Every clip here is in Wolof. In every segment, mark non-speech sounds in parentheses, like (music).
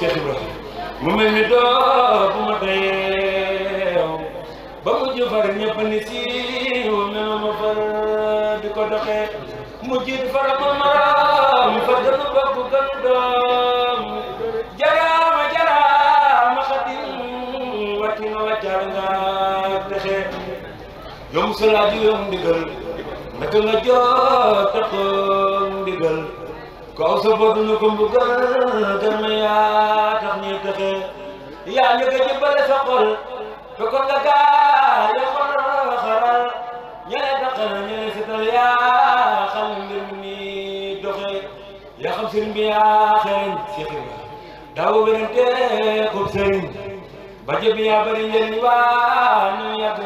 Cheikh Ibrahima mu mel ni door bu ma dayeew ba mu jëfar ñëpp ni siiw mema ma far di ko doxee mu jiit fara ma maram fa danu bokk gan doom jaraama jaraama xatim wati nga wàccaar nga texe yom salaat yi yom ndigal naka nga jot soppatuñu ko mbugal gën ma yaa tax ñuy texe yaa ñu ko jëbbale sa xol fekkoon nga gaar ya xol xaral ñene daqal ñene setal yaa xam mi doxe yaa xam sëriñ bi yaa xeeñ si xir daaw werante ko sëriñ ba jëb yaa bari njëriñ waa ñu yàgg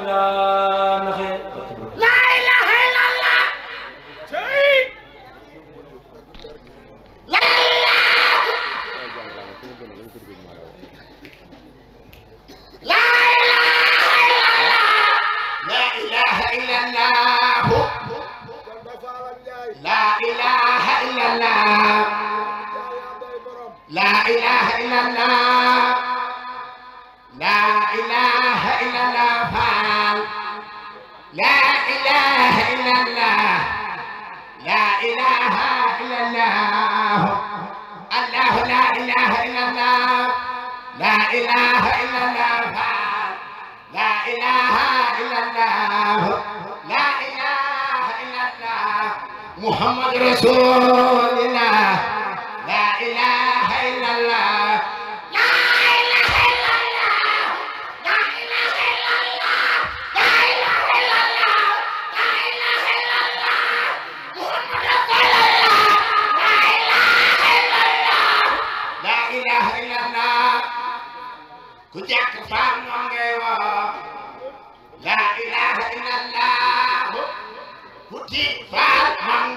الله لا إله إلا الله لا إله إلا الله لا إله إلا الله الله لا إله إلا الله لا إله إلا الله فعل لا إله إلا الله لا إله إلا الله محمد رسول الله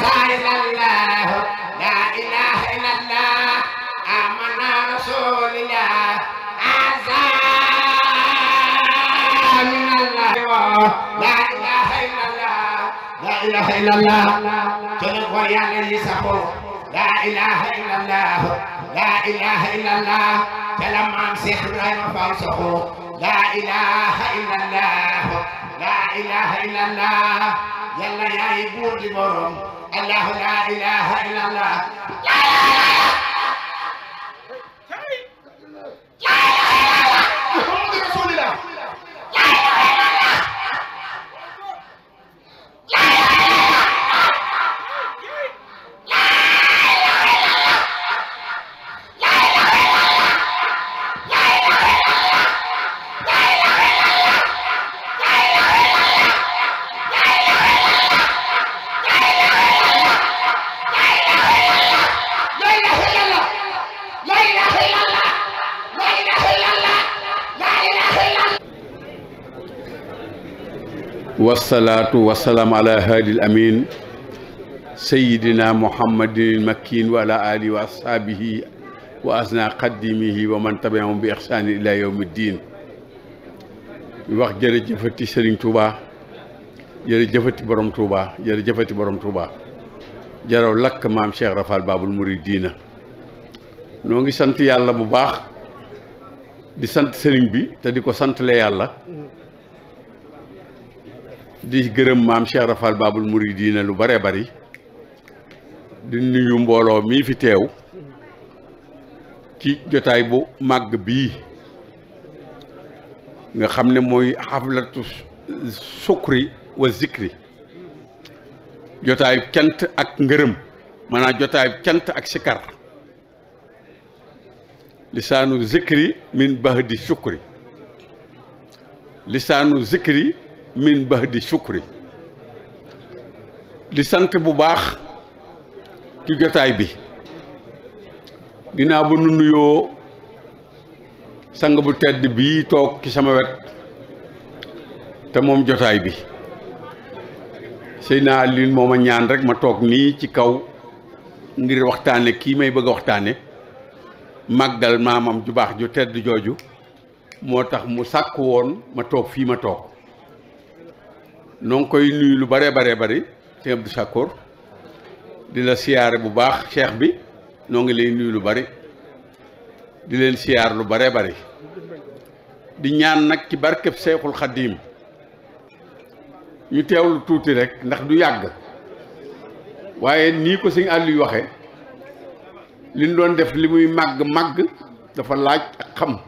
إلا الله لا إله إلا الله آمنا رسول الله عزا من الله لا إله إلا الله لا إله إلا الله تلقوا يا لي لا إله إلا الله لا إله إلا الله كلام عن سحر ما فاوسه لا إله إلا الله لا إله إلا الله yàlla yaay buur di borom allahu la ilaha illallah la والصلاة والسلام على هادي الأمين سيدنا محمد المكين وعلى آله وأصحابه وأزنا قديمه ومن تبعهم بإحسان إلى يوم الدين وقت جري جفتي سرين توبا جري جفتي برم توبا جري جفتي برم توبا جرو لك مام شيخ رفال باب المريدين نوغي سنتي الله مباخ دي سنت سرين بي تدي سنت لي الله di gërëm maam Cheikh Rafal Babul mouridine lu bare bari di nuyu mbolo mi fi tew ci jotay bu mag bi nga xamne moy haflatu sukri wa zikri jotay kent ak ngërëm mana jotay kent ak sikar lisanu zikri min bahdi sukri lisanu zikri min bahdi shukri di sant bu baax ci jotaay bi dinaa bu nu nuyoo sang bu tedd bii toog ci sama wet te moom jotaay bi sëy naa lin mooma ñaan rekk ma toog nii ci kaw ngir waxtaane kii may bëgg a waxtaane màggal maamam ju baax ju tedd jooju moo tax mu sàkk woon ma toog fii ma toog noo ngi koy nuyu lu bare bare bari sëñ Abdou Sakkoor di la siyaare bu baax cheikh bi noo ngi lay nuyu lu bari di leen siyaar lu bare bari di ñaan nag ci barkeb Seexul Xadiim ñu teewlu tuuti rek ndax du yàgg waaye nii ko sëñ Aliou waxe li ñu doon def li muy màgg màgg dafa laaj ak xam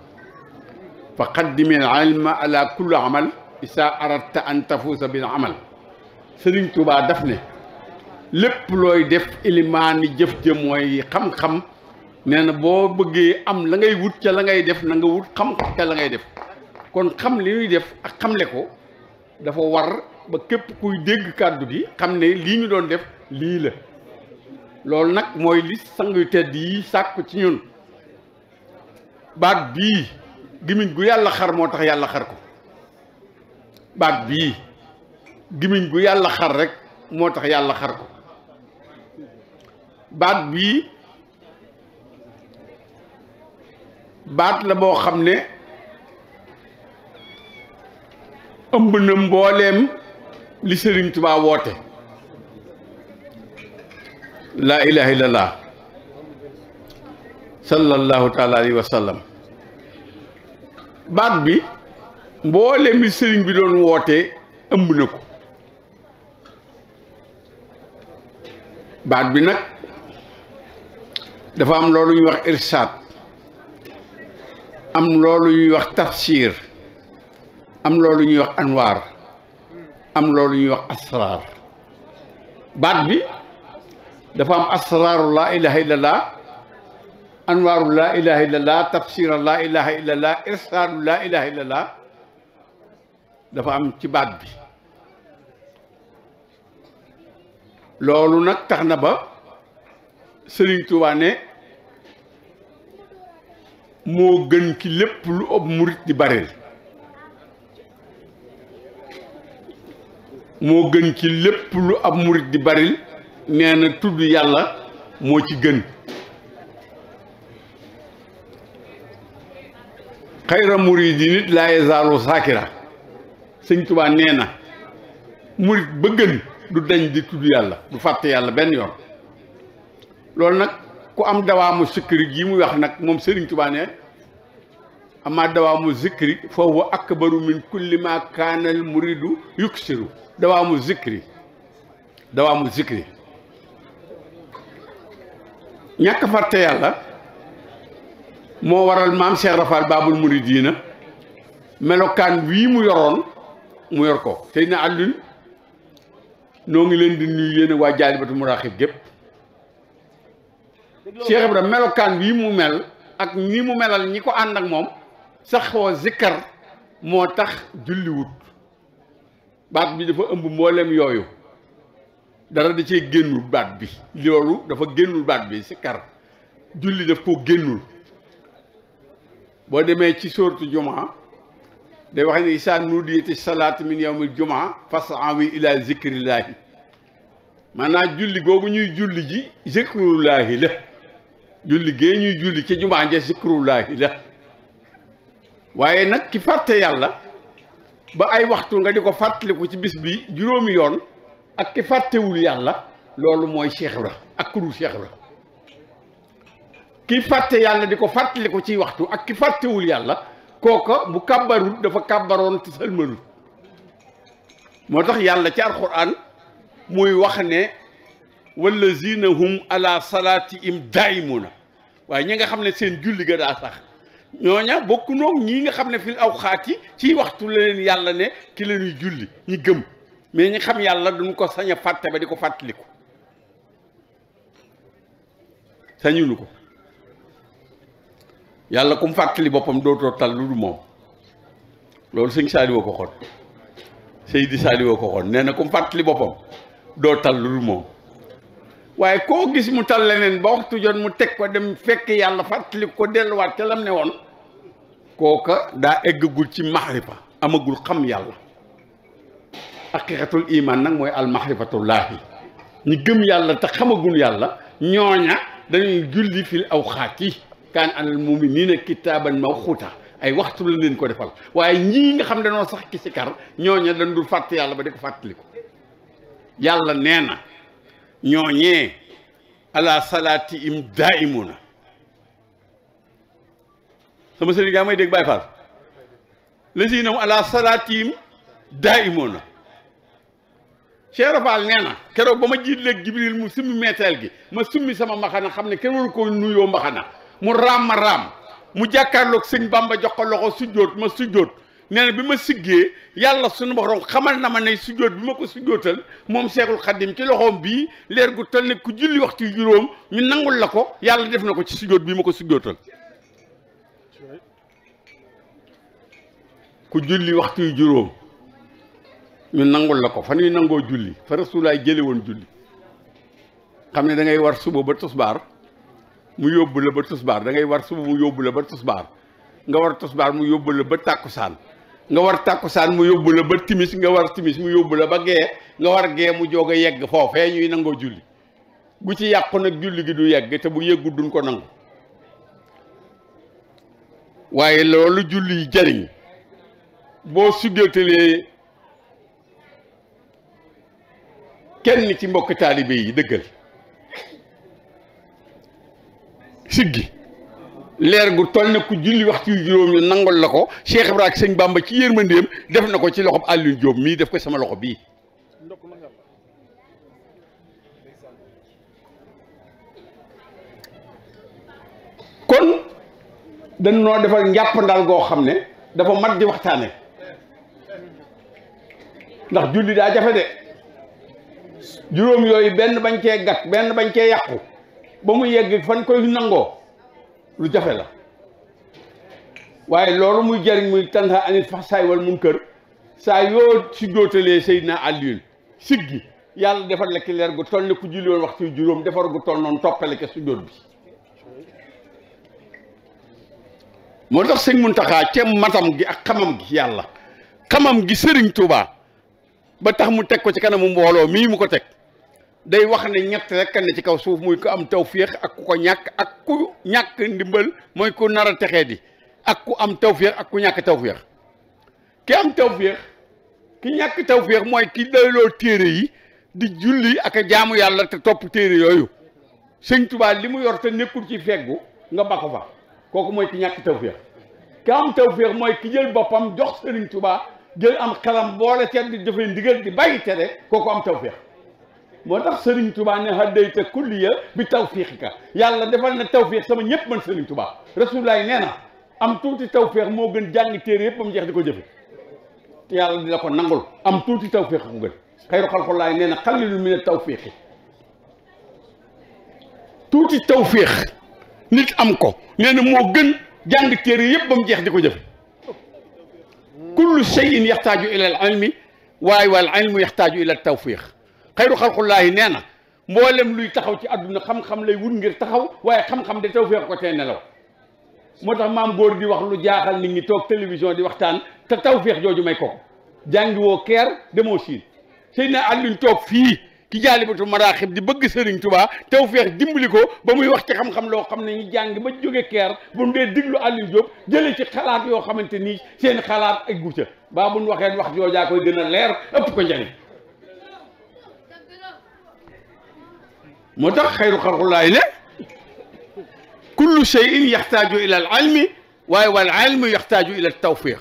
fa xaddimil ilma ala kulli amal isaa aratta an tafuusa bina amal sëriñ Tuubaa daf ne lépp looy def ilimaani jëf jë mooy xam-xam nee na boo bëggee am la ngay wut ca la ngay def na nga wut xam ca la ngay def kon xam li ñuy def ak xamle ko dafa war ba képp kuy dégg kàddu gi xam ne lii ñu doon def lii la loolu nag mooy li sang yu yi sàkku ci ñun baat bii gimiñ gu yàlla xar moo tax yàlla xar ko baat bii gimiñ gu yàlla xar rek moo tax yàlla xar ko baat bii baat la boo xam ne ëmb na mbooleem li Sëriñ Tuubaa woote laa ilaha illallah sallallahu taala alayhi wa sallam baat bi mboole bi sëriñ bi doon wootee ëmb na ko baat bi nag dafa am loolu ñuy wax irsaat am loolu ñuy wax tafsir am loolu ñuy wax anwaar am loolu ñuy wax asraar baat bi dafa am asraaru laa ilaha illallah anwaaru laa ilaha illallah tafsiru laa ilaha illallah irsaalu laa ilaha illallah dafa am ci baat bi loolu nag tax na ba Sëriñ Tuubaa moo gën ki lépp lu ëpp murit di bareel moo gën ci lépp lu ab murit di baril nee na tudd yàlla moo ci gën xayra muridin nit laa yazaalu saakira sëñ Tuubaa nee na murit bëggën du dañ di tudd yàlla du fàtte yàlla benn yoon loolu nag ku am dawaamu sikkiri yi mu wax nag moom sëriñ Tuubaa ne amaa dawaamu zikri foofu akbaru min kulli ma kaanal muridu yuksiru dawaamu zikri dawaamu zikri ñàkk fàtte yàlla moo waral maam Cheikh Rafal Baabul Muridiina melokaan wii mu yoroon mu yor ko Seydina Alioune noo ngi leen di nuyu yéen waa Jaalibatul Maraaxib gépp Cheikh melokaan bii mu mel ak ni mu melal ñi ko ànd ak moom saxoo zikkar moo tax julliwut baat bi dafa ëmb mbooleem yooyu dara di cee génnul baat bi loolu dafa génnul baat bi zikkar julli daf ko génnul boo demee ci sóortu jumaa day wax ne isaa nudiyati salaat min yawmil jumaa fas'aw ila zikrillahi maanaam julli googu ñuy julli ji zikrullahi la julli gee ñuy julli ci jumaa ja zikrullahi la waaye nag ki fàtte yàlla ba ay waxtu nga di ko fàttaliku ci bis bi juróomi yoon ak ki fàttewul yàlla loolu mooy Cheikh la ak kudul Cheikh Ibra ki fàtte yàlla di ko fàttaliku ci waxtu ak ki fàttewul yàlla kooka bu kàbbarut dafa kàbbaroon te moo tax yàlla ci alxuraan muy wax ne wallazina hum ala salaatihim daayimuna waaye ñi nga xam ne seen julli ga daa sax ñooña bokku noog ñii nga xam ne fil aw xaati ci waxtu la leen yàlla ne ki la julli ñi gëm mais ñi xam yàlla duñu ko sañ fàtte ba di ko fàttaliku sañunu ko yàlla ku mu fàttali boppam dootoo tal lu du moom loolu sëñ Saliou ko xoon Seydi Saliou ko xoon nee na ku mu fàttali boppam doo tal lu du moom waaye koo gis mu tal leneen ba waxtu jot mu teg ko dem fekk yàlla fàttali ko delluwaat ca lam ne woon kooka daa eggagul ci maxrifa amagul xam yàlla haqiqatul iman nag mooy almaxrifatullaahi ñu gëm yàlla te xamagul yàlla ñooña dañuy julli fil aw xaat yi kaan anal mu'minina kitaaban mawquuta ay waxtu la leen ko defal waaye ñii nga xam dañoo sax ki si kar ñooña dañ dul fàtte yàlla ba de ko fàttaliku yàlla nee na ñooñee ala salaati im daa imuna sama sëriñ gaa may dégg Baay Faal lazinam ala salaatihim daa'imuna na keroog ba ma jiit léeg Jibril mu summi meeteel gi ma summi sama mbaxana xam ne kenn waru ko nuyoo mbaxana mu raam ma raam mu jàkkarlook sëñ Bamba jox ko loxo sujjóot ma sujjóot nee bi ma siggee yàlla suñu borom xamal na ma ne sujjóot bi ma ko sujjóotal moom Seexul Xaddim ci loxoom bii leer gu tal ne ku julli waxtu juróom ñu nangul la ko yàlla def na ko ci sujjóot bi ma ko sujjóotal ku julli waxtu yu juróom ñu nangul la ko fa ñuy nangoo julli fa rasulaay jële woon julli xam ne dangay war suba ba tosbaar mu yóbbu la ba tisbaar dangay war suba mu yóbbu la ba tisbaar nga war tisbaar mu yóbbu la ba tàkkusaan nga war tàkkusaan mu yóbbu la ba timis nga war timis mu yóbbu la ba gee nga war gee mu joog a yegg foofee ñuy nangoo julli gu ci yàqu nag julli gi du yegg te bu yeggu duñ ko nangu waaye loolu julli jariñ boo suggeetalee kenn ci mbokk taalibe yi dëggal siggi leer gu toll na ku julli waxtu yu juróom ñu nangol la ko Cheikh Ibrahima ak sëñ Bamba ci yërmandeem def na ko ci loxob Alioune Diop mii def ko sama loxo bii kon dañ noo defal njàppandal goo xam ne dafa mat di waxtaane ndax julli daa jafe de juróom yooyu benn bañ cee gat benn bañ cee yàqu ba mu yegg fan koy nangoo lu jafe la waaye loolu muy jariñ muy tanha anit fax saay wal munkar saa yoo si dootalee Seydina Alioune siggi yàlla defal la ki leer gu toll ne ku julli woon waxtu juróom defar gu toll noonu toppale ke si dóot bi moo tax sëñ Muntaxa ceeb matam gi ak xamam gi yàlla xamam gi sëriñ Tuubaa ba tax mu teg ko ci kanamu mbooloo mii mu ko teg day wax ne ñett rek ne ci kaw suuf muy ko am tawféex ak ku ko ñàkk ak ku ñàkk ndimbal mooy ku nar a texee ak ku am tawféex ak ku ñàkk tawféex ki am tawféex ki ñàkk tawféex mooy ki doyloo téere yi di julli ak a jaamu yàlla te topp téere yooyu sëñ Tuubaa li mu yor te nekkul ci feggu nga bako fa kooku mooy ki ñàkk tawféex ki am tawféex mooy ki jël boppam jox sëriñ tubaa jël am xelam boole seet di jëfe ndigal di bàyyi tere kooku am tawféex moo tax Serigne Touba ne haddayta kulliya bi tawfiqika yàlla defal na tawfiq sama ñëpp man Serigne Touba rasulullaay nee na am tuuti tawfiq moo gën jàng téere yëpp ba mu jeex di ko jëfe te yàlla di la ko nangul am tuuti tawfiq ko gën xayru xalqullaay nee na xalilu min tawfiqi tuuti tawfiq nit am ko nee na moo gën jàng téere yëpp ba mu jeex di ko jëfe kullu shay'in yaxtaaju ila al ilmi waaye wal ilmu yaxtaaju ila tawfiq xayru xalqullaahi nee na mboolem luy taxaw ci àdduna xam-xam lay wut ngir taxaw waaye xam-xam de taw feex ko tee nelaw moo tax maam góor di wax lu jaaxal nit ñi toog télévision di waxtaan te taw feex jooju may ko jàngi woo keer demoo siin sëñ na àlluñ toog fii ci jaalibatu maraaxib di bëgg sëriñ tubaa taw feex dimbali ko ba muy wax ci xam-xam loo xam ne ñu jàng ba jóge keer bu ñu dee diglu àlluñ jóob jëlee ci xalaat yoo xamante nii seen xalaat ak gucca baa buñ waxee wax joojaa koy gën a leer ëpp ko njëriñ موتاخ خير خلق الله له إيه؟ كل شيء يحتاج الى العلم والعلم يحتاج الى التوفيق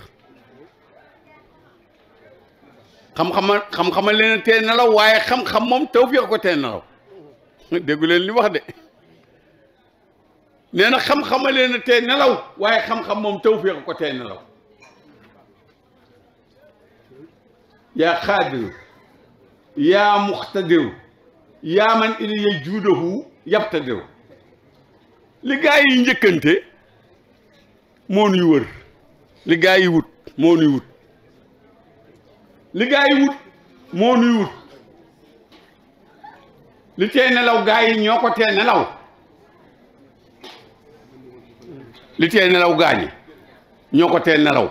خم خم خم خم لين تينالو واي خم خم موم توفيق كو تينالو دغولن لي واخ دي نينا خم خم لين تينالو واي خم خم موم توفيق كو تينالو يا خادم يا مختدم yaa man iliyee juudahu yabtadiru li gaa yi njëkkante moo nuy wër li gaa yi wut moo nuy wut li gaa yi wut moo nuy wut li tee nelaw gaa yi ñoo ko tee nelaw li tee nelaw gaa ñi ñoo ko tee nelaw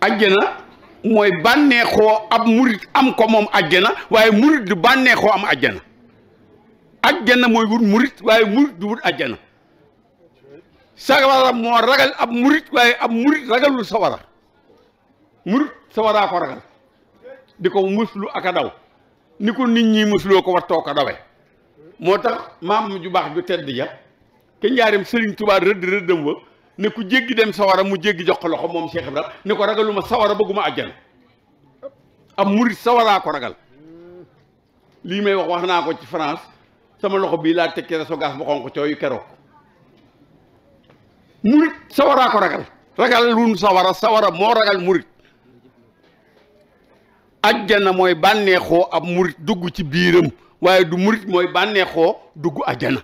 ajjana mooy bànneexoo ab murit am ko moom àjjana waaye murit du bànneexoo am àjjana àjjana mooy wut murit waaye murit du wut àjjana sawara moo ragal ab murit waaye ab murit ragalul sawara murit sawaraa ko ragal di ko muslu ak daw ni ko nit ñi musloo ko wartoo ko dawe moo tax maam ju baax ju tedd ja ke njaarim Sëriñ Tuubaa rëdd rëddam wa ne ku jéggi dem sawara mu jéggi jox ko loxo moom Cheikh Ibrahima ne ko ragaluma sawara bëgguma àjjana am murit sawaraa ko ragal lii may wax wax naa ko ci France sama loxo bii laa tekki reso gaas bu xonq cooyu keroog murit sawaraa ko ragal ragal lun sawara sawara moo ragal murit ajjana mooy bànneexoo ab murit dugg ci biiram waaye du murit mooy bànneexoo dugg ajjana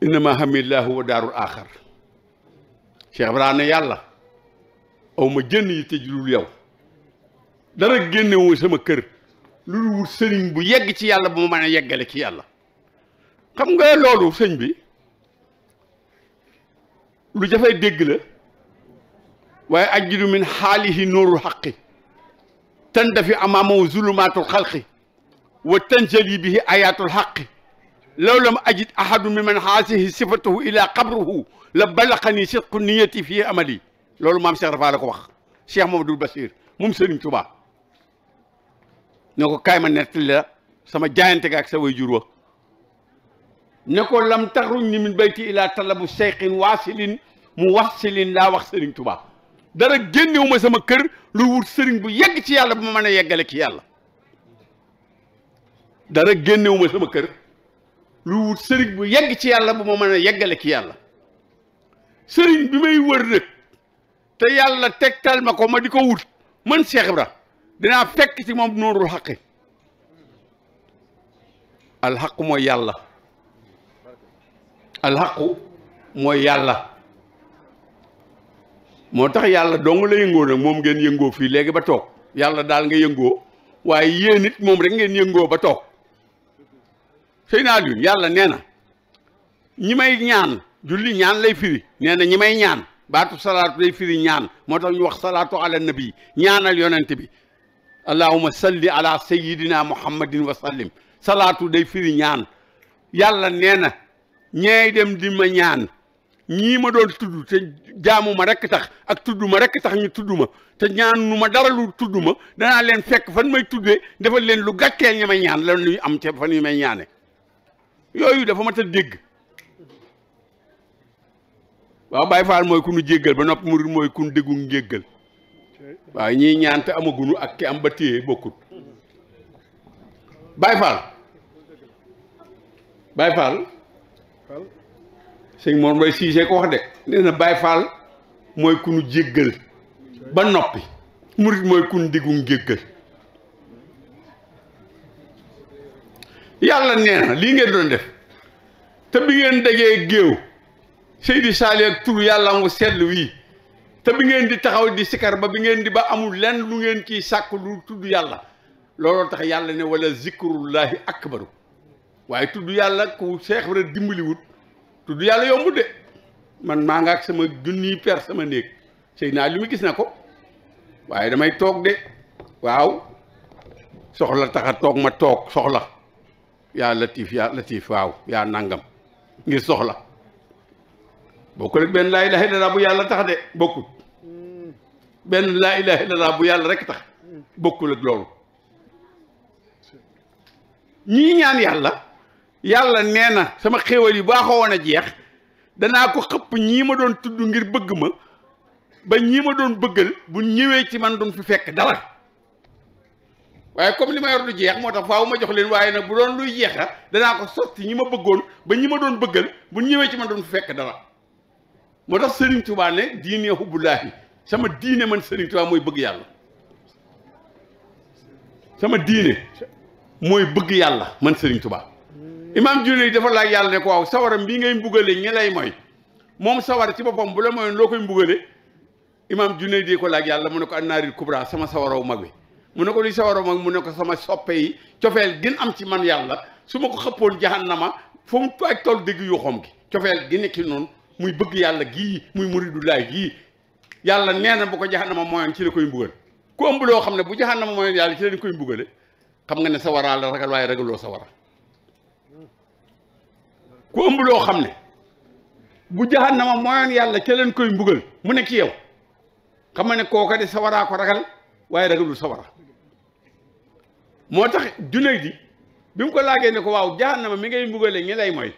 innama hamillahu wa daarul aaxar Cheikh Ibra ne yàlla aw ma jënn yi te julul yow dara génnewoo sama kër lu wut sëriñ bu yegg ci yàlla bu ma mën a yeggale ci yàlla xam nga loolu sëñ bi lu jafay dégg la waaye ajjidu min xaalihi nuurul xaqi tandafi amaamahu zulumatul xalqi wa tanjali bihi ayatul xaqi لو لم أجد أحد ممن هذه صفته إلى قبره لبلغني صدق نيتي في أملي لو لم أمسك رفع لك وخ شيخ محمد البصير ممسلم سيرن توبا نكو كاي ما سما جاينتك أكسا ويجروا جورو نكو لم تغرني من بيتي الى طلب شيخ واصل موصل لا وخسر سيرن توبا dara génnewuma sama kër lu wut sëriñ bu yegg ci yàlla bu ma mën a yeggale ci yàlla dara génnewuma sama lu wut sëriñ bu yegg ci yàlla bu ma mën a yeggale ki yàlla sëriñ bi may wër nag te yàlla tegtal ma ko ma di ko wut man Cheikh Ibra dinaa fekk ci moom noorul xaqi alxaqu mooy yàlla alxaqu mooy yàlla moo tax yàlla dong la yëngoo nag moom ngeen yëngoo fii léegi ba toog yàlla daal nga yëngoo waaye yéen it moom rek ngeen yëngoo ba toog sëy naa liun yàlla nee na ñi may ñaan julli ñaan lay firi nee na ñi may ñaan baatu salaatu lay firi ñaan moo tax ñu wax salaatu ala nabi ñaanal yonent bi allahuma salli ala sayidina muhammadin wa sallim salaatu day firi ñaan yàlla nee na ñeey dem di ma ñaan ñii ma doon tudd te jaamu ma rekk tax ak tudd ma rekk tax ñu tudd ma te ñaan nu ma dara lu tudd ma danaa leen fekk fan may tuddee defal leen lu gàcceel ña may ñaan lan luy am ca fan yu may ñaane yooyu dafa mat a dégg waaw Baay Faal mooy ku nu jéggal ba noppi murid mooy ku nu déggu njéggal waaw ñii ñaan te amagunu ak ki am ba téye bokkut Baay Faal Baay Faal sëñ Mor Mbaye Cissé ko wax de nee na Baay Faal mooy ku nu jéggal ba noppi murid mooy ku déggu njéggal yàlla nee na lii ngeen doon def te bi ngeen dajee géew Seydi Saali ak tur yàlla mu sell wii te bi ngeen di taxaw di sikar ba bi ngeen di ba amul lenn lu ngeen ciy sàkk lu tudd yàlla looloo tax yàlla ne wala zikrullahi akbaru waaye tudd yàlla ku Seex Ibra dimbaliwut tudd yàlla yombu de man maa nga ak sama junniy per sama néeg sëy naa li mu gis na ko waaye damay toog de waaw soxla taxa toog ma toog soxla yaa latif yaa latif waaw yaa nangam ngir soxla bokkul benn laa ilaha illallah bu yàlla tax de bokkul benn laa ilaha illallah bu yàlla rek tax bokkul ak loolu ñii ñaan yàlla yàlla nee na sama xéewal yi baaxoo woon a jeex danaa ko xëpp ñii ma doon tudd ngir bëgg ma ba ñii ma doon bëggal bu ñëwee ci man duñ fi fekk dara waaye comme li ma yor du jeex moo tax faaw ma jox leen waaye nag bu doon luy jeex a danaa ko sotti ñi ma bëggoon ba ñi ma doon bëggal bu ñëwee ci ma doon fekk dara moo tax Serigne Touba ne diine hubbulaahi sama diine man Serigne mooy bëgg yàlla sama diine mooy bëgg yàlla man Serigne Touba imaam Junayd dafa laaj yàlla ne ko aw sawara bii ngay mbugale ñi mooy moom sawara ci boppam bu la mooyoon loo koy mbugale imaam Junayd di ko laaj yàlla mu ne ko annaaril kubra sama sawaraw mag wi mu ne ko li sa waroom mu ne ko sama soppe yi cofeel gën am ci man yàlla su ma ko xëppoon jahannama fu mu ak toll dégg yuuxoom gi cofeel gi nekki noonu muy bëgg yàlla gii muy muridullaay gii yàlla nee na bu ko jahannama mooyoon ci la koy mbugal ku ëmb loo xam ne bu jahannama mooyoon yàlla ci lañ koy mbugale xam nga ne sa waraa la ragal waaye ragaloo sa ku ëmb loo xam ne bu jahannama mooyoon yàlla ci leen koy mbugal mu ne ci yow xam nga ne kooka de sa waraa ko ragal waaye ragalul sawara moo tax du junne ji bi mu ko laajee ne ko waaw jahannama mi ngay mbugale ñi lay mooy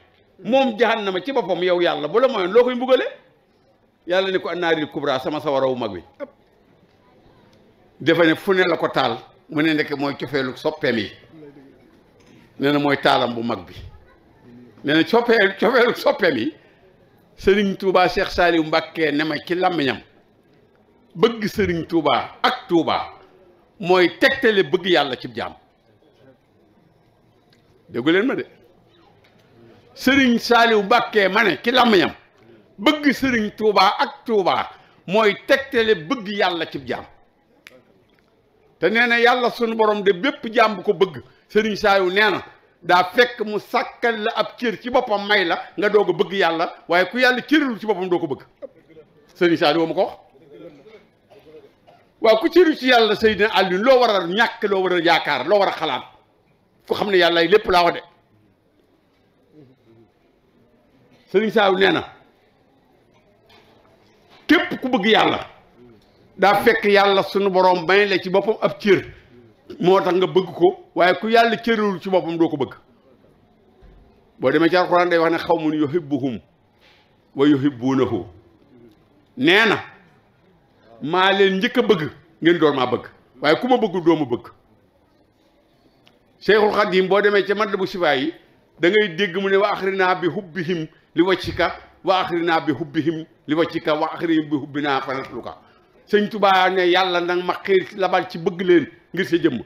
moom jahannama ci boppam yow yàlla bu la mooyoon loo koy mbugale yàlla ne ko annaaril kubra sama sawara wu mag bi dafa ne fu ne la ko taal mu ne nekk mooy cofeelu soppeem yi nee na mooy taalam bu mag bi nee na soppee cofeelu soppeem yi sëriñ Touba Cheikh Saliou Mbacké ne ma ci làmmiñam bëgg sëriñ Touba ak Touba mooy tegtale bëgg yàlla ci jaam déggu leen ma de sëriñ Saaliw Bàkkee ma ne ki làmmiñam bëgg sëriñ Touba ak Touba mooy teg tegtale bëgg yàlla cib jaam te nee na yàlla sunu borom de bépp jaam bu ko bëgg sëriñ Saaliw nee na daa fekk mu sàkkal la ab cër ci boppam may la nga doog a bëgg yàlla waaye ku yàlla cërul ci boppam doo ko bëgg sëriñ Saaliw ma ko wax waaw ku cëru ci yàlla Seydina Aliou loo war a ñàkk loo war a yaakaar loo war a xalaat xam ne yàlla lépp laa wax de sëriñ Saaw nee na képp ku bëgg yàlla daa fekk yàlla sunu borom bañ la ci boppam ab cër moo tax nga bëgg ko waaye ku yàlla cërul ci boppam doo ko bëgg boo demee ci alxuraan day wax ne xaw xawmun yuhibbuhum wa yuhibbuunahu nee na maa leen njëkk bëgg ngeen door maa bëgg waaye ku ma bëggul doo bëgg Cheikhul Khadim boo demee ca matla bu sifa yi da ngay dégg mu ne wa axrinaa bi hubbihim li waccika wa axrinaa bi hubbihim li waccika wa axrinaa bi hubbinaa fanatluka sëñ Tubaa ne yàlla nag ma xiir labal ci bëgg leen ngir sa jëmm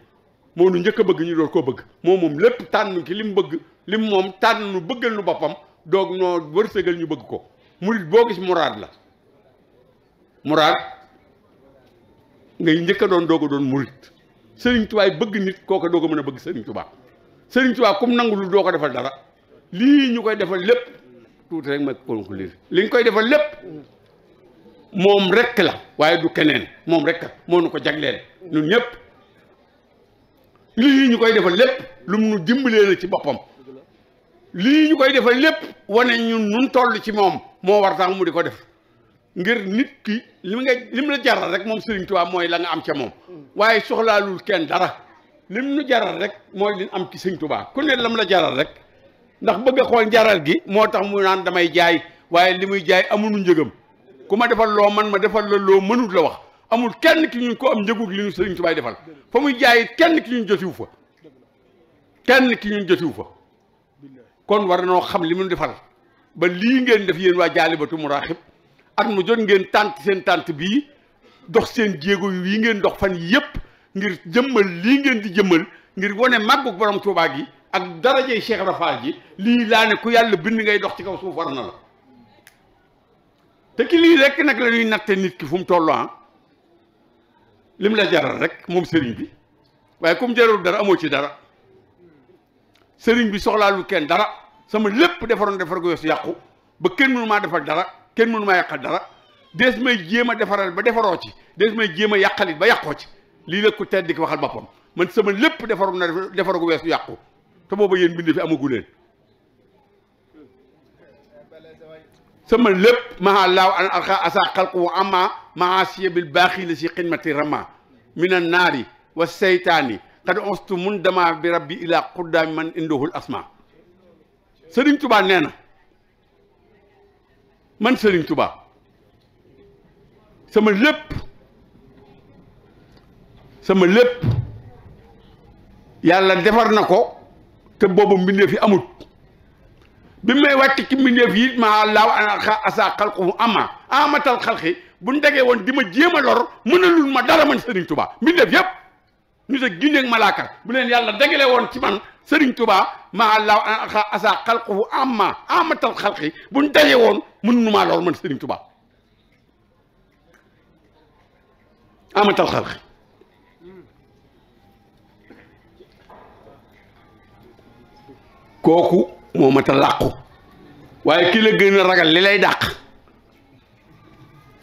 moo nu njëkk a bëgg ñu door koo bëgg moo moom lépp tànn ki lim bëgg lim moom tànn nu bëggal nu boppam doog noo wërsëgal ñu bëgg ko murit boo gis muraad la muraad ngay njëkk a doon doog a doon murit Serigne Touba bëgg nit kooka doo ko mën a bëgg Serigne Touba Serigne Touba kum nangul doo ko defal dara lii ñu koy defal lépp tuuti rek ma conclure li ñu koy defal lépp moom rek la waaye du keneen moom rek moo nu ko jagleel ñun ñëpp ñu koy defal lépp lu mu nu dimbalee la ci boppam lii ñu koy defal lépp wane ñun nun toll ci moom moo war tax mu di ko def. ngir nit ki li nga li mu la jaral rek moom Serigne Touba mooy la nga am ca moom waaye soxlaalul kenn dara lim nu jaral rek mooy li am ci Serigne Touba ku ne lam la jaral rek ndax bëgg xool jaral gi moo tax mu naan damay jaay waaye li muy jaay amuñu njëgam ku ma defal loo man ma defal la loo mënut la wax amul kenn ki ñu ko am njëgug li ñu Serigne Touba defal fa muy jaay kenn ki ñu jotiwu fa kenn ki ñu jotiwu fa kon war noo xam li mu defal ba lii ngeen def yéen waa Jaalibatu Muraaxib ak mu jot ngeen tànt seen tànt bii dox seen jéego wii ngeen dox fan yépp ngir jëmmal lii ngeen di jëmmal ngir wone màggu borom Tuubaa gi ak darajey Cheikh Rafaal ji lii laa ne ku yàlla bind ngay dox ci kaw suuf war na la te ki lii rekk nag la ñuy natte nit ki fu mu toll ah lim la jaral rek moom sëriñ bi waaye comme jarul dara amoo ci dara sëriñ bi soxlaalu kenn dara sama lépp defaroon defar ko yos yàqu ba kenn mënu maa defar dara kenn mënu maa yàqal dara des may jéem a defaral ba defaroo ci des may jéem a yàqalit ba yàqoo ci lii la ku tedd ki waxal boppam man sama lépp defaru na defaru gu weesu yàqu te booba yéen bind fi amagu leen sama lépp maha laaw an alxa asa xalqu wa ama maa siya bil baaxi la si xidmati rama min an naari wa seytaani xad ostu mun dama bi rabbi ila quddaami man indohul asma Sëriñ Tuubaa nee na man Serigne Touba sama lépp sama lëpp yàlla defar na ko te boobu mbindeef yi amut bi may wàcc ci mbindeef yi ma laaw asa xalqu mu ama amatal xalqi bu ndegee woon di ma jéem a ne mënalul ma dara man Serigne Touba mbindeef yépp ñu sa ginneeg malaaka bu leen yàlla degale woon ci man sëriñ tubaa maa law asa xalquhu amma amatal xalqi buñ daje woon mën numaa lool man sëriñ tubaa amatal xalqi kooku moo mat a làqu waaye ki la gën a ragal li lay dàq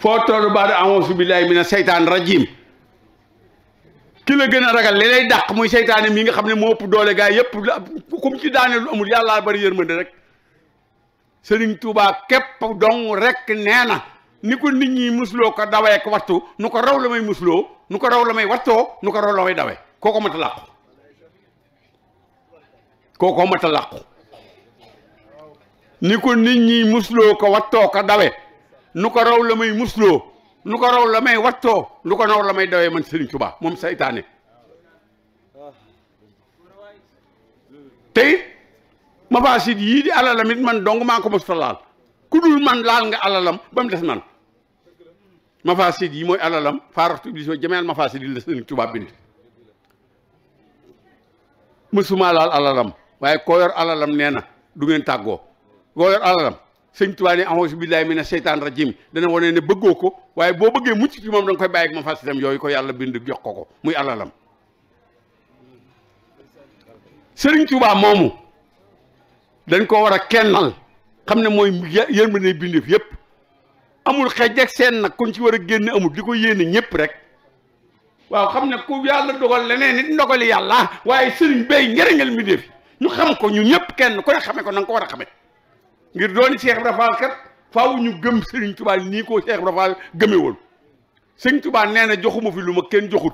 foo toll baadu amoo su billaahi mina seytaan rajim ki la gën a ragal li lay dàq muy seytaane mi nga xam ne moo ëpp doole gaa yëpp kum ci daane lu amul yàllaa bari yërmande rek Sëriñ Tuubaa képp dong rek nee na ni ko nit ñi musloo ko dawee ak wattu nu ko raw la may musloo nu ko raw la may wattoo nu ko raw la may dawee mat a làqu kooko ni ko nit ñi musloo ko wattoo ko dawe nu ko raw la may musloo nu ko raw la may wattoo lu ko raw la may dawee man Serigne Touba moom saytaane te it mafasid yii di alalam it man dong maa ko mos a ku dul man laal nga alalam ba mu des man mafasid yi mooy alalam faaraxtu iblis wa jameel mafasid yi la Serigne Touba bind mësuma laal alalam waaye koo yor alalam nee na du ngeen tàggoo koo yor alalam sëñ Tuubaa ne auzu billaahi mina seytaan rajim dana wane ne bëggoo ko waaye boo bëggee mucc ci moom da koy bàyyi ak ma fasitam yooyu ko yàlla bind jox ko ko muy alalam sëriñ Tuubaa moomu dañ ko war a kennal ne mooy yërmande bindeef yépp amul xeej ak seen nag ko ci war a génn amul di ko yéene ñëpp rek waaw xam ne ku yàlla dogal leneen nit ndogali yàlla waaye sëriñ bay njëriñal mbindeef ñu xam ko ñu ñëpp kenn ku ne xame ko na ko war a xame ngir dooni Cheikh Ibra Fall kat faaw ñu gëm Sëriñ Tuubaa nii ko Cheikh Ibra Fall gëme woon Sëriñ Tuubaa nee na joxuma fi lu ma kenn joxut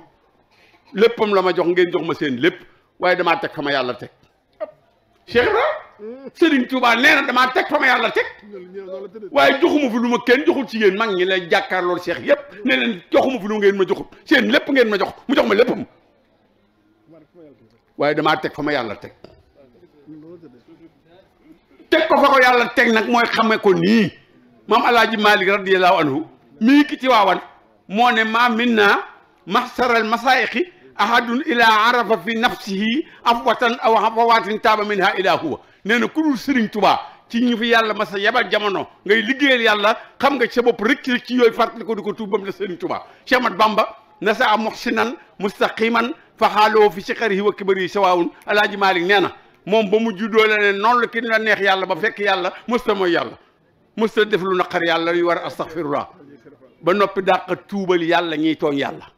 léppam la ma jox ngeen jox ma seen lépp waaye damaa teg fa ma yàlla teg Cheikh Ibra Sëriñ Tuubaa nee na damaa teg fa ma yàlla teg waaye joxuma fi lu ma kenn joxut ci yéen mag ñi lay jàkkaarlool Cheikh yëpp ne leen joxuma fi lu ngeen ma joxut seen lépp ngeen ma jox mu jox ma léppam waaye damaa teg fa ma yàlla teg teg ko fa ko yàlla teg nag mooy xame ko nii maam alaaji malik radiallahu anhu mii ki ci waawan moo ne ma minna mahsaral masaayixi ahadun ilaa arafa fi nafsihi afwatan aw afawaatin taaba minha ilaa huwa nee na ku dul tubaa ci ñu fi yàlla masa yabal jamono ngay liggéeyal yàlla xam nga sa bopp rëcc rëcc ci yooyu fàttali ko di ko tuubam la sëriñ tubaa Cheikh Ahmad Bamba nasa muhsinan mustaqiman fa xaaloo fi siqarihi wa kibarihi sawaawun alaaji malik nee na moom ba mu juddoo la ne noonu la ki la neex yàlla ba fekk yàlla mësta mooy yàlla mësta def lu naqar yàlla yu war a astaghfirullah ba noppi dàq tuubal yàlla ñiy tooñ yàlla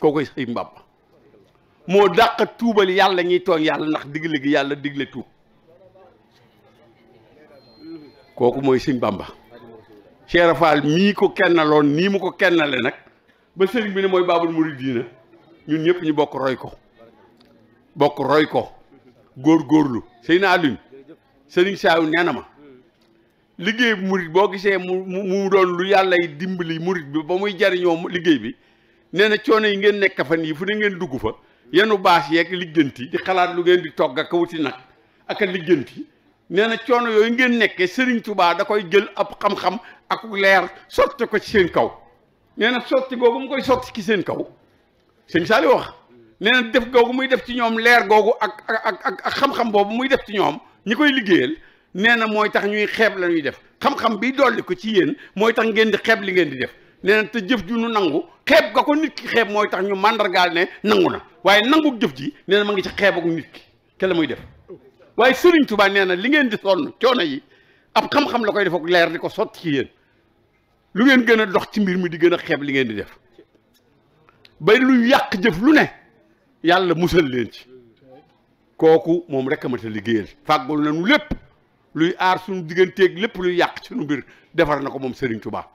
kookoy sëñ moo dàq tuubal yàlla ñiy tooñ yàlla ndax digle gi yàlla digle tuub kooku mooy sëñ Bàmba Cheikh Rafal mii ko kennaloon nii mu ko kennale nag ba sëriñ bi ne mooy baabul muridina ñun ñëpp ñu bokk roy ko bokk roy ko góor góorlu sëy naa Alioune sëriñ Saaw nee ma hmm. liggéey bu murit boo gisee mu mu doon lu yàlla yi dimbali murit bi ba muy jariñoo liggéey bi nee na coono yi ngeen nekk fan yi fu ne ngeen dugg fa yenu baas yeeg liggéenti di xalaat lu ngeen di togg ak wuti nag ak a liggéenti nee na coono yooyu ngeen nekkee Sëriñ Tubaa da koy jël ab xam-xam ak leer sotti ko ci seen kaw nee na sotti googu mu koy sotti ci seen kaw sëñ Saali wax nee na def googu muy def ci ñoom leer googu ak ak ak ak xam-xam boobu muy def ci ñoom ñi koy liggéeyal nee na mooy tax ñuy xeeb la ñuy def xam-xam bi dolli ko ci yéen mooy tax ngeen di xeeb li ngeen di def nee te jëf ju nu nangu xeeb nit ki xeeb mooy tax ñu màndargaal ne nangu na waaye nangu jëf ji nee na ngi ci xeeb ak nit muy def waaye Serigne Touba nee na li ngeen di sonn coono yi ab xam-xam la koy def ak leer di ko sotti ci yéen lu ngeen gën a dox ci mbir mi di gën a xeeb li ngeen di def bari lu yàq jëf lu ne. yàlla musal leen ci kooku moom rek a mat a liggéeyal fàggul nañu lépp luy aar suñu digganteeg lépp luy yàq suñu mbir defar na ko moom Serigne Touba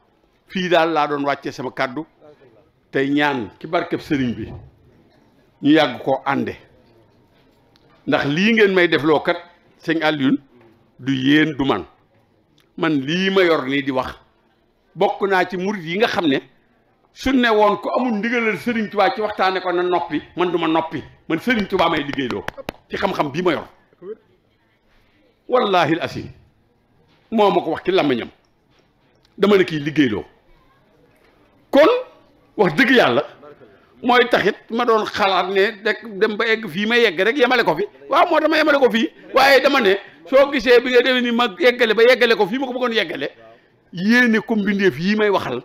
fii daal laa doon wàccee sama kàddu tey ñaan ci barkeb sëriñ bi ñu yàgg ko ànde ndax lii ngeen may defloo kat sëñ Alioune du yéen du man man lii ma yor nii di wax bokk naa ci murit yi nga xam ne. su ne woon ku amul ndigalal Serigne Touba ci waxtaane ko na noppi man du ma noppi man Serigne Touba may liggéeyloo ci xam-xam bii ma yor wallaahi asim moo ma ko wax ci làmmiñam dama ne kii liggéeyloo kon wax dëgg yàlla mooy taxit ma doon xalaat ne rek dem ba egg fii may yegg rek yemale ko fi waaw moo ma yemale ko fii waaye dama ne soo gisee bi nga demee ni ma yeggale ba yeggale ko fii ma ko bëggoon yeggale yéene ko mbindeef yii may waxal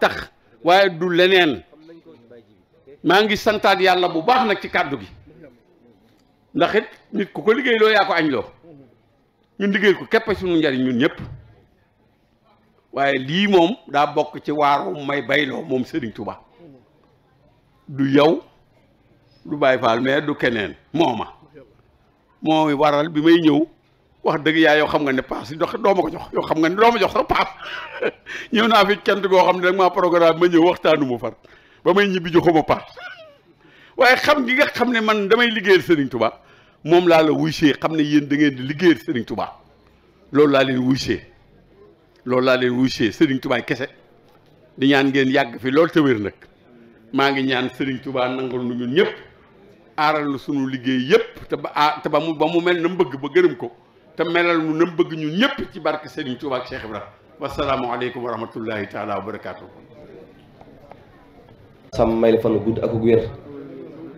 tax waaye du leneen maa ngi santaat yàlla bu baax nag ci kàddu gi ndaxit it nit ku ko liggéey loo yaa ko añ loo ñun liggéey ko képp suñu njariñ ñun ñëpp waaye lii moom daa bokk ci waaru may bayloo moom Serigne Touba du yow du Baye Fall mais du keneen mooma moo waral bi may ñëw wax dëgg yaay yow xam nga ne paas yi dox doo ma ko jox yow xam nga ne doo ma jox sax paas (laughs) ñëw naa fi cant goo xam ne nag maa programme ma ñëw waxtaanu mu far ba may ñibbi joxuma paas (laughs) waaye xam gi nga xam ne man damay liggéeyal Serigne Touba moom laa la wuysee xam ne yéen da ngeen di liggéeyal Serigne Touba loolu laa leen wuysee loolu laa leen wuysee kese di ñaan ngeen yàgg fi loolu te wér nag maa ngi ñaan Serigne Touba nangal nu ñun ñëpp aaral na sunu liggéey yëpp te ba te ba mu ba mu mel na mu bëgg ba gërëm ko. te melal mu nam bëgg ñun ñëpp ci barke Serigne Touba ak Cheikh Ibrahima wasalaamualeykum wa rahmatullahi taala wa barakaatu. sàmm may la fan gudd ak wér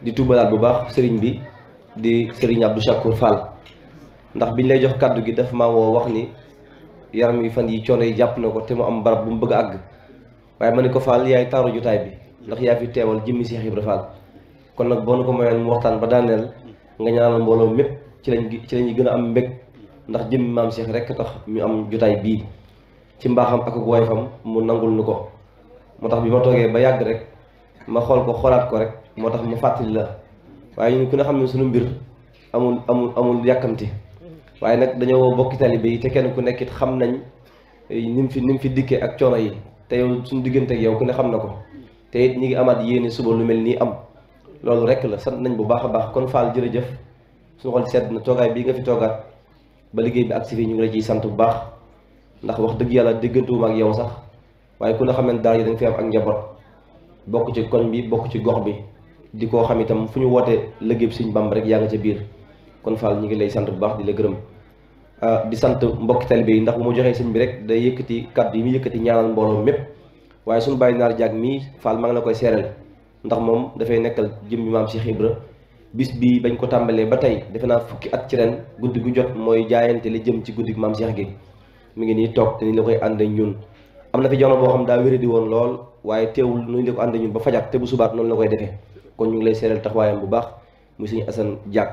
di tuubalaat bu baax sëriñ bi di Serigne Abdou Chakour Fall ndax biñ lay jox kàddu gi dafa ma woo wax ni yaram yi fan yi coono yi jàpp na ko te mu am barab bu mu bëgg a àgg waaye ma ne ko Fall yaay taaru jotaay bi ndax yaa fi teewal jëmmi Cheikh Ibrahima Fall kon nag boo nu ko mayoon mu waxtaan ba daaneel nga ñaanal mbooloo mépp ci lañ ci lañuy gën a am mbég. ndax jëm maam Cheikh rek tax ñu am jotaay bii ci mbaaxam ak fam mu nangul nu ko moo tax bi ma toogee ba yàgg rek ma xool ko xoolaat ko rek moo tax ma fàttali la waaye ñun ku ne xam ne suñu mbir amul amul amul yàkkamti waaye nag dañoo woo bokki taalibe yi te kenn ku nekk it xam nañ eh, ni mu fi ni mu fi dikkee ak coono yi te yow suñu diggante ak ku ne xam na ko te it ñi ngi amaat yéene suba lu mel nii am loolu rek la sant nañ bu baax a baax kon Fall jërëjëf suñu xol na toogaay bii nga fi toogaat ba liggey bi ak si ñu ngi la ciy sant bu baax ndax wax deug yalla deggantu mak yow sax waye ku la xam daal yi dañ fi am ak njabot ci koñ bi ci gox bi di xam itam fu ñu wootee liggéey bi suñ bamb rek ya nga ci biir kon faal ñi ngi lay sant bu baax di la gërëm ah, di sant mbokk taalibe yi ndax bu mu joxe sëñ bi rek day yëkëti kaddu yi mu yëkëti ñaanal mbolo mepp waye suñu bàyyi naar jaag mii Fall maa la koy séral ndax da fay nekkal jëm bi maam Cheikh ibrahim bis bi bañ ko tàmbalee ba tey defe naa fukki at ci ren guddi gu jot mooy jaayante la jëm ci guddi maam Cheikh gi mu ngi nii toog te ni la koy ànd ñun am na fi jamono boo xam daa wéradi woon lool waaye teewul nuñ la ko ànd ñun ba fajar te bu subaat noonu la koy defee kon ñu ngi lay seeral taxawaayam bu baax muy sëñ Assane Diack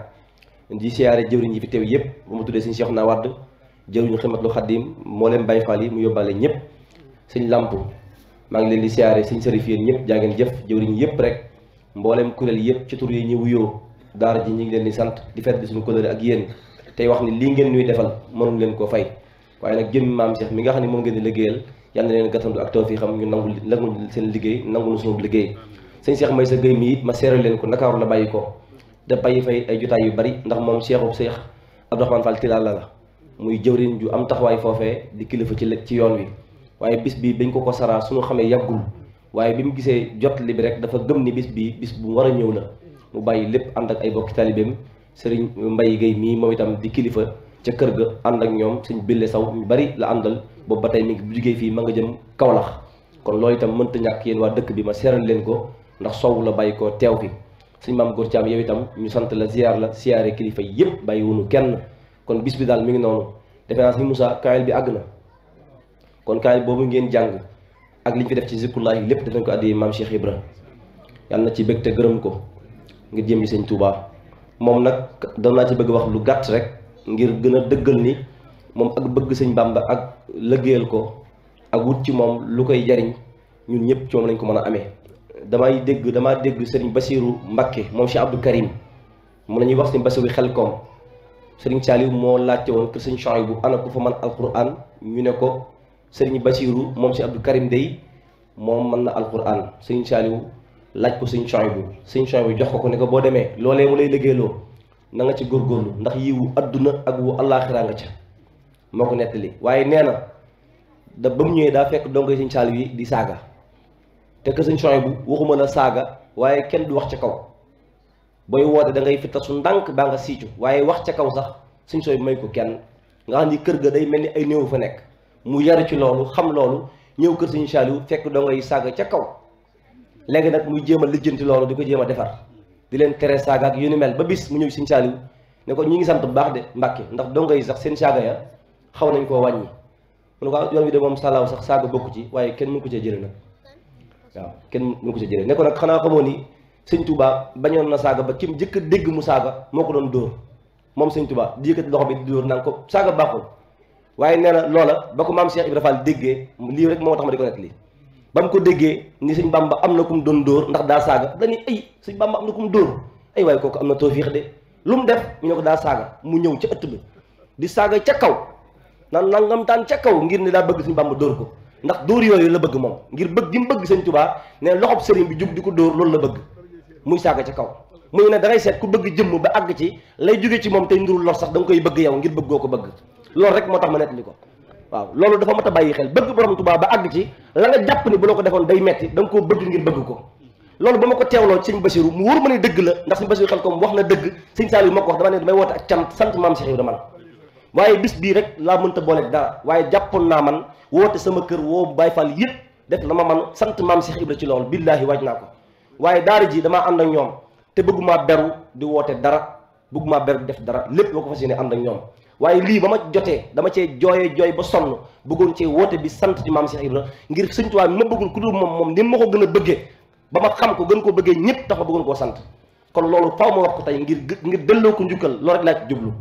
di siyaare jëwriñ yi fi teew yëpp ba mu tuddee sëñ Cheikh naa Wade jëwriñu Xidmatul Xaadim moo leen Baay Faal yi mu yóbbaale ñëpp sëñ Lamp maa ngi leen di siyaare sëñ Serif ñëpp jaa ngeen jëf yëpp rek mboolem kuréel yëpp ci tur yi ñu wuyoo daara ji ñu ngi leen di sant di fet bi suñu kóllëre ak yéen tey wax ni lii ngeen ñuy defal mënuñ leen ko fay waaye nag jëm maam Cheikh mi nga xam ne moom ngeen di liggéeyal yal na leen gàttandu ak tawfiix xam ñu nangu nangu seen liggéey nangu suñu liggéey sëñ Cheikh Maysa Gueye mi it ma seeral leen ko Ndakaaru la bàyyi ko da bàyyi fay ay jotaay yu bari ndax moom Cheikhu Cheikh Abdourahmane Fall Tilala la muy jëwriñ ju am taxawaay foofe di kilifa ci ci yoon wi waaye bis bi bañ ko ko saraa suñu xamee yàggul waaye bi mu gisee jot li rek dafa gëm ni bis bi bis bu war a ñëw la mu bàyyi lépp ànd ak ay bokki talibeem sëriñ Mbaye Guèye mii moom itam di kilifa ca kër ga ànd ak ñoom sëñ Bille Saw ñu bari la àndal boobu ba tey mi ngi bu fii ma nga jëm Kawlax kon loolu itam mënta ñàkk yéen waa dëkk bi ma seeral leen ko ndax soow la bàyyi ko teew fi sëñ maam góor caam yow itam ñu sant la ziar la siyaare kilifa yépp bàyyi wunu kenn kon bis bi daal mi ngi noonu defe naa sëñ Moussa kaayal bi àgg na kon kaayal boobu ngeen jàng ak li ñu fi def ci zikrullaahi lépp def nañ ko addi maam Cheikh na ci bég te gërëm ko ngir jëm yi sëñ Touba moom nag doon naa ci bëgg wax lu gàtt rek ngir gën a dëggal ni moom ak bëgg sëñ Bàmba ak lëggéeyal ko ak wut ci moom lu koy jariñ ñun ñëpp ci moom lañ ko mën a amee. damay dégg damaa dégg sëriñ Basiiru Mbakke moom Cheikh Abdou Karim mu la ñuy wax sëñ Basiiru xel koom sëriñ Saaliw moo laajte woon kër sëñ Chouaïbou ana ko fa man alquran ñu ne ko sëriñ Basiiru moom ci Abdou Karim day moom mën na alquran sëriñ Saaliw laaj ko sëñ Chouaïbou sëñ Chouaïbou jox ko ko ne ko boo demee loolee mu lay liggéeyloo na nga ci góor góorlu ndax yiwu àdduna ak wu allaaxiraa nga ca moo ko nettali waaye nee na da ba mu ñëwee daa fekk dongo sëñ Saaliw yi di saaga te que sëñ Chouaïbou waxuma la saaga waaye kenn du wax ca kaw booy woote da ngay fitta su ndànk baa nga waaye wax ca kaw sax sëñ Chouaïbou may ko kenn nga xam ni kër ga day mel ni ay néew fa nekk mu yar ci loolu xam loolu ñëw kër sëñ Saaliw fekk dongo yi saaga ca kaw léegi nag muy jéem a lijjanti loolu di ko jéem a defar di leen tere saaga ak yu ni mel ba bis mu ñëw sëñ Saaliw ne ko ñu ngi sant bu baax de Mbàkke ndax dongo yi sax seen saaga ya xaw nañ koo wàññi mu ne ko ah yoon wi de moom salaaw sax saaga bokku ci waaye kenn mënu ko cee jële nag waaw kenn mënu ko cee jële ne ko nag xanaa xamoo ni sëñ Touba bañoon na saaga ba kim jëkk dégg mu saaga moo ko doon dóor moom sëñ Touba di yëkkati loxo bi di dóor naan ko saaga baaxul waaye nee na loola ba ko maam Cheikh Ibra Fall déggee lii rek moo tax ma di ko nettali ba mu ko déggee ni suñ ba am na ku doon dóor ndax daa saaga dañu ay suñ bamba am na ku mu dóor ay waaye kooku am na tawfiix de lu mu def ñu ne ko daa saaga mu ñëw ci ëtt bi di saaga ca kaw naan nangam taan ca kaw ngir ne daa bëgg suñ ba dóor ko ndax dóor yooyu la bëgg moom ngir bëgg gi mu bëgg sëñ tubaa ne loxob sëriñ bi jug di ko dóor loolu la bëgg muy saaga ca kaw muy ne dangay seet ku bëgg jëmm ba àgg ci lay jóge ci moom tey ndurul sax da koy bëgg yow ngir bëggoo ko bëgg loolu rek moo tax ma nettali ko waaw loolu dafa mat a bàyyi xel bëgg borom tubaab ba àgg ci la nga jàpp ni bu la ko defoon day metti da nga koo bëgg ngir bëgg ko loolu ba ma ko teewloo sëñ Basiru mu wóor ma ne dëgg la ndax sëñ Basiru xel comme wax na dëgg sëñ Saliou ma ko wax dama ne damay woote ak cant sant maam waaye bis bii rek laa mënta boole dara waaye jàppoon naa man woote sama kër woo bay fan yëpp def la ma man sant maam Cheikh Ibrahima ci loolu billaahi waaj naa ko waaye daara ji damaa ànd ak ñoom te bëggumaa beru di woote dara bëggumaa beru di def dara lépp boo ko fas yéene ànd ak ñoom waaye lii ba ma jotee dama cee jooyee jooy ba sonn bëggoon cee woote bi sant ci maam Cheikh Ibra ngir Sëñ Tuubaa ma bëggul ku dul moom moom ni ma ko gën a bëggee ba ma xam ko gën koo bëggee ñëpp tax ma bëggoon koo sant kon loolu faaw ma wax ko tey ngir ngir delloo ko njukkal loolu rek laa ci jublu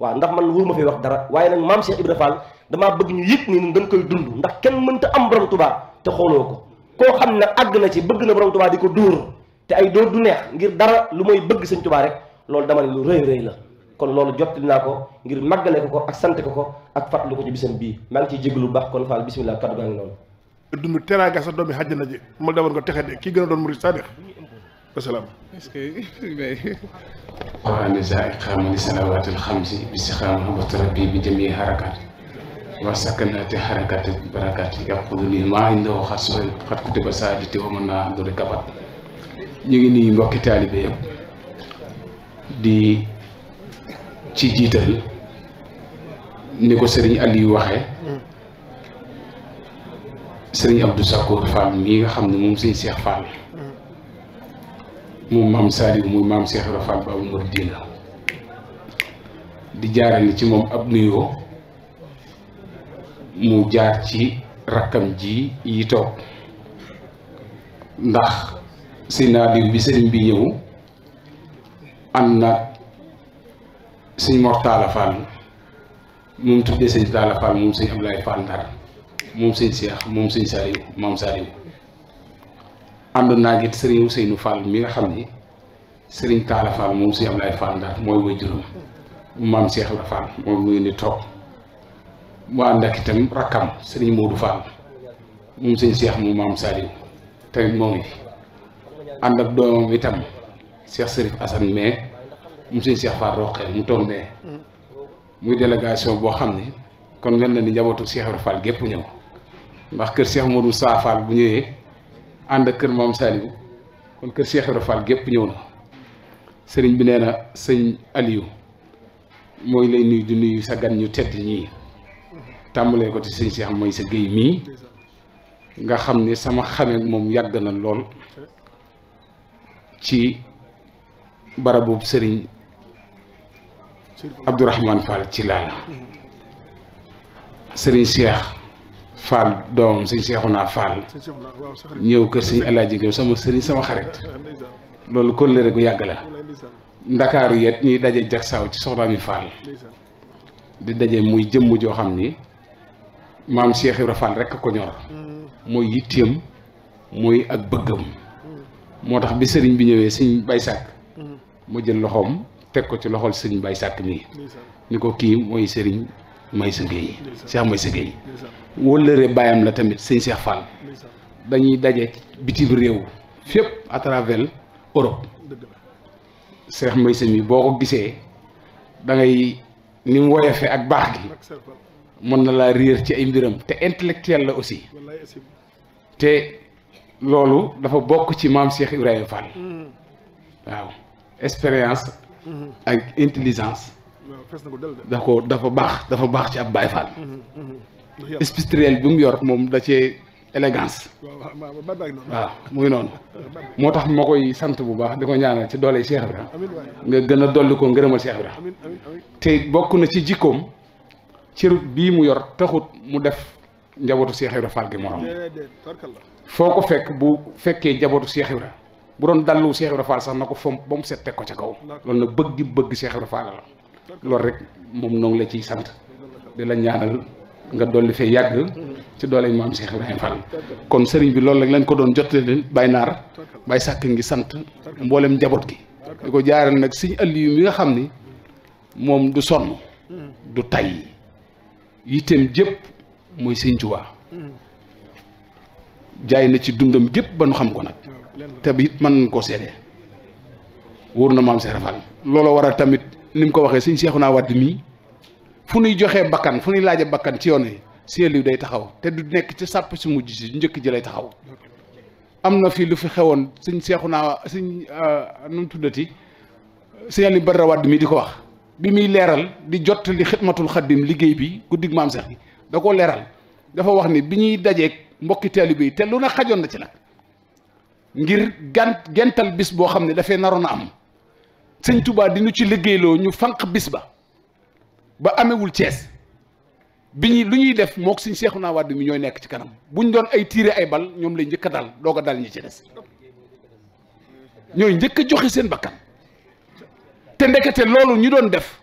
waaw ndax man wóor ma fay wax dara waaye nag maam Cheikh Ibra Fall damaa bëgg ñu yëg ni ñun dañ koy dund ndax kenn mënta am borom Tuubaa te xooloo ko koo xam ne àgg na ci bëgg na borom Tuubaa di ko dóor te ay dóor du neex ngir dara lu mooy bëgg Sëñ Tuubaa rek loolu dama ne lu la kon loolu jot naa ko ngir màggale ko ko ak sante ko ko ak fàttali ko ci bisam bii maa ngi ciy jéglu lu baax kon faal bisimilah kaddu gaa ngi noonu dund teraanga sa doomi xàjjana ji ma demoon ko texe de kii gën a doon murid saadix wasalaam est-ce que quraan za iqaamu li salawaatil xamsi bi sixaam wa tarbi bi jamii harakaat wa sakanaati harakaati barakaat yàqudu lii maa ngi ndoo wa mën naa am doole kabat ñu ngi nuyu mbokki taalibe yëpp ci jiital ni ko sëriñ Aliou waxee sëriñ Abdou Sakkour Fall mii nga xam ne moom sëñ seex Fall moom maam Saliou muy maam Cheikh Ibra Fall Baabul Muriidiin di jaarale ci moom ab nuyoo mu jaar ci rakkam ji yi toog ndax sëñ Aliou bi sëriñ bi ñëw ànd na suñ Mor Talla Fall moom tuddee sëñ Talla Fall moom sëñ moom sëñ Cheikh moom sëñ Saliou moom Saliou àndoon naa gi sëriñ Ousseynou Fall mi nga xam ni sëriñ Talla Fall moom sëñ Ablaye mooy waajuram maam Cheikh la Fall moom mu ngi ni toog mu ànd ak itam rakkam sëriñ Modou Fall moom sëñ Cheikh mu maam Saliou tamit moo ngi ànd ak doomam itam Cheikh Serif Assane mais. mu sëñ Cheikh Fall Roqee mu toog nee muy délégation boo xam ni kon mel na ni njabootu Cheikh Ibra gépp ñëw ndax kër seex Modou Sa Fall bu ñëwee ànd ak kër Maam Saliou kon kër Cheikh Ibra gépp ñëw na sëriñ bi nee na sëñ Aliou mooy lay nuyu di nuyu sa gan ñu tedd ñii tàmbalee ko ci sëñ Cheikh mooy sa géy mii nga xam ni sama xamee moom yàgg na lool ci barabu sëriñ Abdourahmane Fall ci la serigne Cheikh Fall doomam sëñ Cheikhouna Fall ñew ke serigne Alaaji Géew sama serigne sama xarit loolu kóllëre gu yàgg la dakar yet ñuy daje jagsaaw ci soxnaami Fall di daje muy jëm jo xamni ni Cheikh ibrahim Fall rek ko ñor moy yittem moy ak bëggam motax bi serigne bi ñëwee serigne Baye mu jël loxom teg ko ci loxol sëriñ Baye Sàkk nii ni ko kii mooy sëriñ Maysa Gueye Cheikh Maysa Gueye wëllëre baayam la tamit sëñ Cheikh Fall dañuy daje bitim réew fépp à travers Europe Cheikh Maysa mi boo ko gisee dangay ni mu woyofe ak baax gi mën na laa réer ci ay mbiram te intellectuel la aussi te loolu dafa bokk ci maam Cheikh Ibrahima Fall mm. waaw ak intelligence da ko dafa baax dafa baax ci ab Baay Faal mm-hmm, mm-hmm. spirituel bi mu yor moom da cee élégance waaw mu ngi noonu moo tax ma koy sant bu baax di ko ñaanal ci doole Cheikh Ibra nga gën a dolli ko ngërëmal Cheikh Ibra te bokk na ci jikkoom cër bii mu yor taxut mu def njabootu Cheikh Ibra Fall gi morom foo ko fekk bu fekkee njabootu Cheikh Ibra bu doon dallu Cheikh Ibra Fall sax na ko fomp ba mu set teg ko ca kaw loolu nag bëgg gi bëgg Cheikh Ibra Fall la loolu rek moom noo la ciy sant di la ñaanal nga dolli fee yàgg ci doole moom Cheikh Ibrahima Fall kon sëriñ bi loolu rek lañ ko doon jotale leen bay naar bay sàkk ngi sant mboolem njaboot gi di ko jaaral nag siñ ëll yu nga xam ni moom du sonn hmm. du tay yitteem jëpp mooy sëñ Tuubaa hmm. jaay na ci dundam jëpp ba nu xam ko nag te bi it nañ koo seede wóor na maam Cheikh Fall looloo waral tamit ni mu ko waxee seexu naa wàdd mii fu ñuy joxe bakkan fu ñuy laaje bakkan ci yoon yi sëñ Aliou day taxaw te du nekk ci sàpp si mujj si njëkk ji lay taxaw am na fii lu fi xewoon sëñ naa sëñ euh, nu mu tuddati sëñ Aliou Badara Wade mii di ko wax bi muy leeral di jot li xidmatul xaddim liggéey bi guddig maam Cheikh bi da koo leeral dafa wax ni bi ñuy dajeeg mbokki taalibe yi te lu na xajoon na ci nag ngir gant gental bis boo xam ne dafay naroon a am sëñ Touba di nu ci liggéeyloo ñu fanq bis ba ba amewul Cees bi ñu lu ñuy def mook sëñ Seexuna Wàdd mi ñooy nekk ci kanam bu ñu doon ay tiire ay bal ñoom lay njëkk a dal doo ko dal ñi ci ñooy njëkk a joxe seen bakkan te ndekete loolu ñu doon def